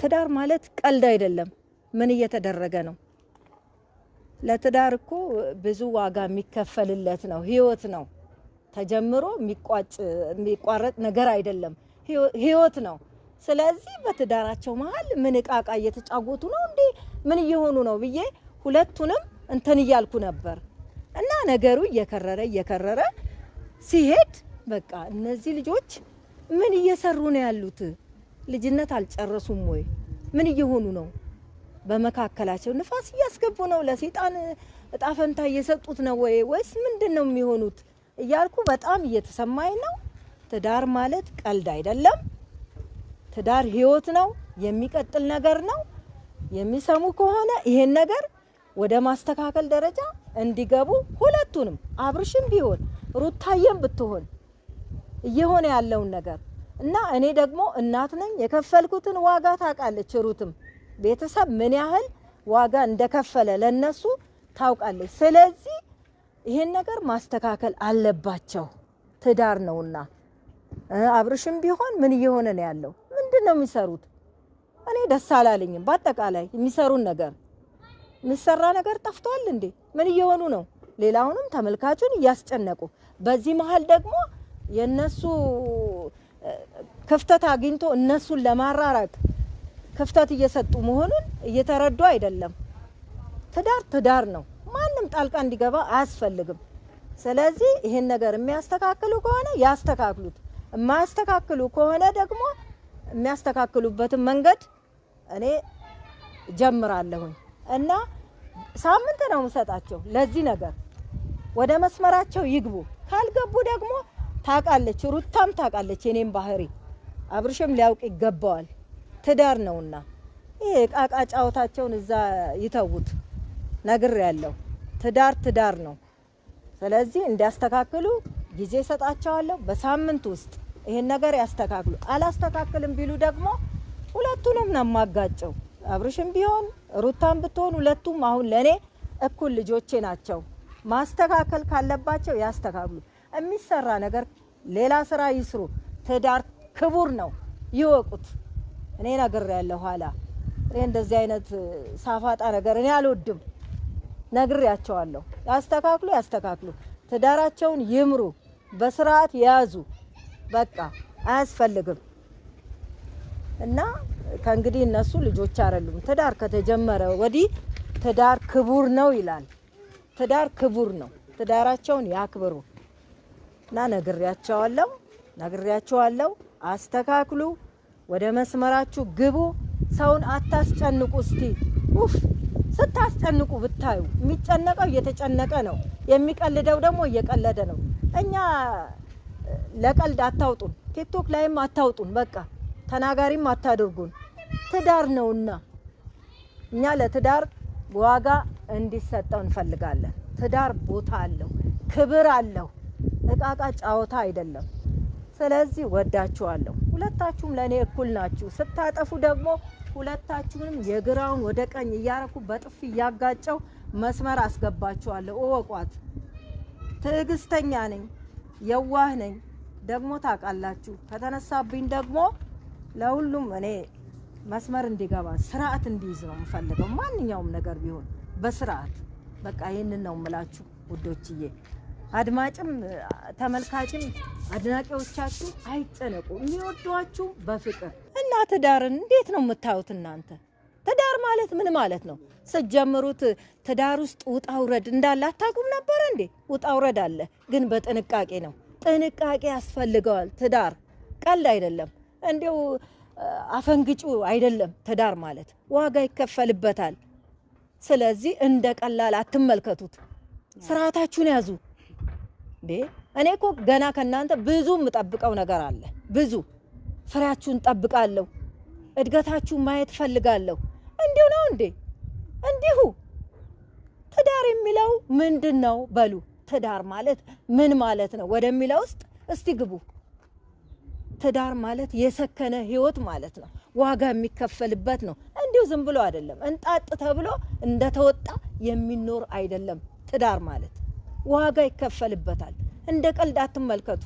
ትዳር ማለት ቀልድ አይደለም። ምን እየተደረገ ነው? ለትዳር እኮ ብዙ ዋጋ የሚከፈልለት ነው። ህይወት ነው ተጀምሮ የሚቋረጥ ነገር አይደለም። ህይወት ነው። ስለዚህ በትዳራቸው መሀል ምን እቃ እቃ እየተጫወቱ ነው እንዴ? ምን እየሆኑ ነው ብዬ ሁለቱንም እንትን እያልኩ ነበር እና ነገሩ እየከረረ እየከረረ ሲሄድ በቃ እነዚህ ልጆች ምን እየሰሩ ነው ያሉት ልጅነት አልጨረሱም ወይ? ምን እየሆኑ ነው? በመካከላቸው ንፋስ እያስገቡ ነው? ለሴጣን እጣፈንታ እየሰጡት ነው ወይ? ወይስ ምንድን ነው የሚሆኑት እያልኩ በጣም እየተሰማኝ ነው። ትዳር ማለት ቀልድ አይደለም። ትዳር ህይወት ነው፣ የሚቀጥል ነገር ነው። የሚሰሙ ከሆነ ይሄን ነገር ወደ ማስተካከል ደረጃ እንዲገቡ ሁለቱንም አብርሽም ቢሆን ሩታየም ብትሆን እየሆነ ያለውን ነገር እና እኔ ደግሞ እናት ነኝ። የከፈልኩትን ዋጋ ታውቃለች። ሩትም ቤተሰብ ምን ያህል ዋጋ እንደከፈለ ለነሱ ታውቃለች። ስለዚህ ይሄን ነገር ማስተካከል አለባቸው። ትዳር ነውና አብርሽም ቢሆን ምን እየሆነ ነው ያለው? ምንድን ነው የሚሰሩት? እኔ ደስ አላለኝም። በአጠቃላይ የሚሰሩን ነገር የሚሰራ ነገር ጠፍቷል እንዴ? ምን እየሆኑ ነው? ሌላውንም ተመልካቹን እያስጨነቁ በዚህ መሀል ደግሞ የነሱ ክፍተት አግኝቶ እነሱን ለማራራቅ ክፍተት እየሰጡ መሆኑን እየተረዱ አይደለም። ትዳር ትዳር ነው። ማንም ጣልቃ እንዲገባ አያስፈልግም። ስለዚህ ይህን ነገር የሚያስተካክሉ ከሆነ ያስተካክሉት፣ የማያስተካክሉ ከሆነ ደግሞ የሚያስተካክሉበትን መንገድ እኔ ጀምራለሁኝ እና ሳምንት ነው የምሰጣቸው ለዚህ ነገር ወደ መስመራቸው ይግቡ። ካልገቡ ደግሞ ታውቃለች፣ ሩታም ታውቃለች የኔም ባህሪ አብርሽም ሊያውቅ ይገባዋል። ትዳር ነውና ይሄ ቃቃ ጫወታቸውን እዛ ይተዉት። ነግር ያለው ትዳር ትዳር ነው። ስለዚህ እንዲያስተካክሉ ጊዜ ሰጣቸዋለሁ። በሳምንት ውስጥ ይሄን ነገር ያስተካክሉ። አላስተካክልም ቢሉ ደግሞ ሁለቱንም ነው የማጋጨው። አብርሽም ቢሆን ሩታም ብትሆን ሁለቱም አሁን ለእኔ እኩል ልጆቼ ናቸው። ማስተካከል ካለባቸው ያስተካክሉ። የሚሰራ ነገር ሌላ ስራ ይስሩ። ትዳር ክቡር ነው፣ ይወቁት። እኔ ነገር ያለው ኋላ እኔ እንደዚህ አይነት ሳፋጣ ነገር እኔ አልወድም። ነግሬያቸዋለሁ። ያስተካክሉ ያስተካክሉ፣ ትዳራቸውን ይምሩ፣ በስርዓት ያዙ። በቃ አያስፈልግም እና ከእንግዲህ እነሱ ልጆች አይደሉም። ትዳር ከተጀመረ ወዲህ ትዳር ክቡር ነው ይላል። ትዳር ክቡር ነው። ትዳራቸውን ያክብሩ። እና ነግሬያቸዋለሁ ነግሬያቸዋለሁ። አስተካክሉ፣ ወደ መስመራችሁ ግቡ፣ ሰውን አታስጨንቁ። እስቲ ኡፍ ስታስጨንቁ ብታዩ፣ የሚጨነቀው እየተጨነቀ ነው፣ የሚቀልደው ደግሞ እየቀለደ ነው። እኛ ለቀልድ አታውጡን፣ ቲክቶክ ላይም አታውጡን። በቃ ተናጋሪም አታድርጉን። ትዳር ነውና እኛ ለትዳር ዋጋ እንዲሰጠው እንፈልጋለን። ትዳር ቦታ አለው፣ ክብር አለው። እቃቃ ጫወታ አይደለም። ስለዚህ ወዳችኋለሁ። ሁለታችሁም ለእኔ እኩል ናችሁ። ስታጠፉ ደግሞ ሁለታችሁንም የግራውን ወደ ቀኝ እያረኩ በጥፊ እያጋጨው መስመር አስገባችኋለሁ። እወቋት። ትዕግስተኛ ነኝ፣ የዋህ ነኝ። ደግሞ ታውቃላችሁ፣ ከተነሳብኝ ደግሞ ለሁሉም እኔ መስመር እንዲገባ ስርዓት እንዲይዝ ነው የምፈልገው። ማንኛውም ነገር ቢሆን በስርዓት በቃ። ይህንን ነው የምላችሁ ውዶችዬ። አድማጭም ተመልካችም አድናቂዎቻችሁ አይጨነቁ፣ የሚወዷችሁ በፍቅር እና ትዳርን እንዴት ነው የምታዩት እናንተ? ትዳር ማለት ምን ማለት ነው? ስትጀምሩት ትዳር ውስጥ ውጣ ውረድ እንዳለ አታውቁም ነበረ እንዴ? ውጣ ውረድ አለ፣ ግን በጥንቃቄ ነው። ጥንቃቄ ያስፈልገዋል። ትዳር ቀልድ አይደለም፣ እንዲው አፈንግጩ አይደለም። ትዳር ማለት ዋጋ ይከፈልበታል። ስለዚህ እንደ ቀላል አትመልከቱት። ስርዓታችሁን ያዙ። እኔ እኮ ገና ከእናንተ ብዙ የምጠብቀው ነገር አለ። ብዙ ፍሬያችሁን ጠብቃለሁ፣ እድገታችሁን ማየት ፈልጋለሁ። እንዲሁ ነው እንዴ? እንዲሁ ትዳር የሚለው ምንድን ነው? በሉ ትዳር ማለት ምን ማለት ነው ወደሚለው ውስጥ እስቲ ግቡ። ትዳር ማለት የሰከነ ህይወት ማለት ነው። ዋጋ የሚከፈልበት ነው። እንዲሁ ዝም ብሎ አይደለም፣ እንጣጥ ተብሎ እንደተወጣ የሚኖር አይደለም ትዳር ማለት ዋጋ ይከፈልበታል። እንደ ቀልድ አትመልከቱት።